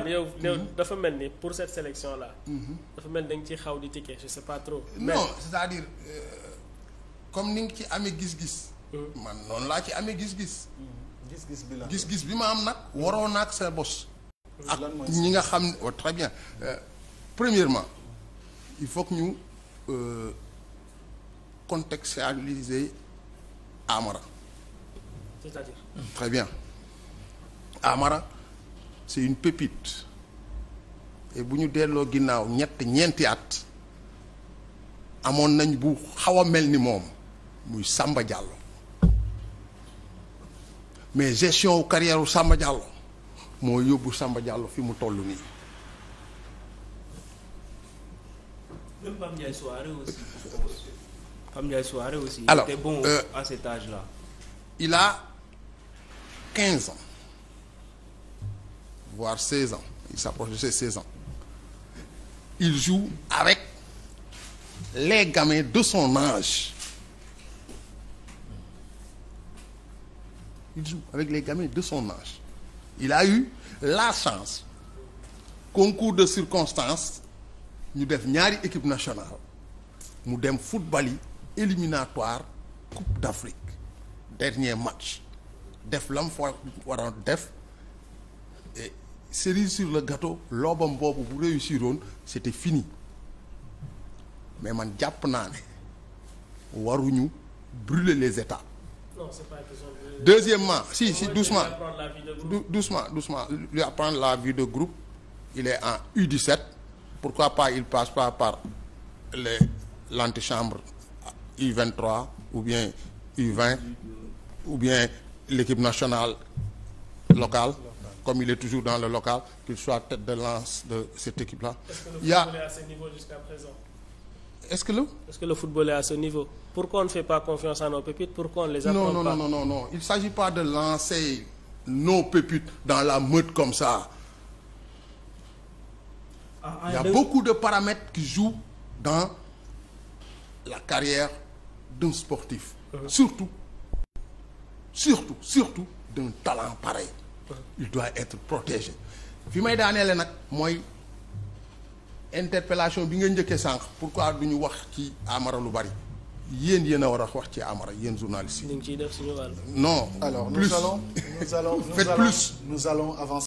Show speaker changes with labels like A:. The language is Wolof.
A: am yow yow mm-hmm. dafa mel ni pour cette sélection là. Mm-hmm. dafa mel da nga ciy xaw di ticket je sais pas mais non c'est-à-dire euh, comme ni nga ci amee gis-gis. Mm-hmm. man noonu laa ci amee gis-gis. gis bi la gis-gis bi ma am nag waroo naag sa bos. ak ñi nga xam ne oh, très bien euh, premièrement il faut que ñu euh, contextualiser Amara. c'est-à-dire. très bien Amara. c'est une pépite et bu ñu delloo ginnaaw ñett ñeenti at amoon nañ bu xaw a mel ni moom muy Samba Diallo mais gestion wu carrière wu Samba moo yóbbu Samba Diallo fi mu toll nii. même Pape Ndiaye aussi. Pape Ndiaye Souaré aussi. alors euh, il ans. voire 16 ans il s'approche de ans il joue avec les gamins de son il joue avec les gamins de son âge il a eu la chance concours de circonstances ñu def ñaari équipe nationale mu dem football yi éliminatoire coupe d'Afrique dernier match def lam fa waroon def cerise sur le gâteau loobam boobu bu réussir woon c'était fini mais man jàpp naa ne waruñu brûler les états deuxièmement si si doucement doucement doucement lui apprendre la vie de groupe il est en U17 pourquoi pas il passe pas par les l'antichambre U23 ou bien U20 ou bien l'équipe nationale locale comme il est toujours dans le local qu'il soit tête de lance de cette équipe là. est-ce que le football est à ce niveau pourquoi ne fait pas confiance à nos pépites pourquoi on les apprend pas non non non non il s'agit pas de lancer nos pépites dans la meute comme ça. Ah, ah, il y a beaucoup de paramètres qui jouent dans la carrière d'un sportif. uh surtout surtout d'un talent pareil. il doit être protégé fi may daaneele nag mooy interpellation bi nga njëkkee sànq pourquoi du ñu wax ci Amara lu bari yéen yéen a war a wax ci Amara yéen journaliste yi. ñu ngi ciy def suñu non alors nous allons nous allons nous allons nous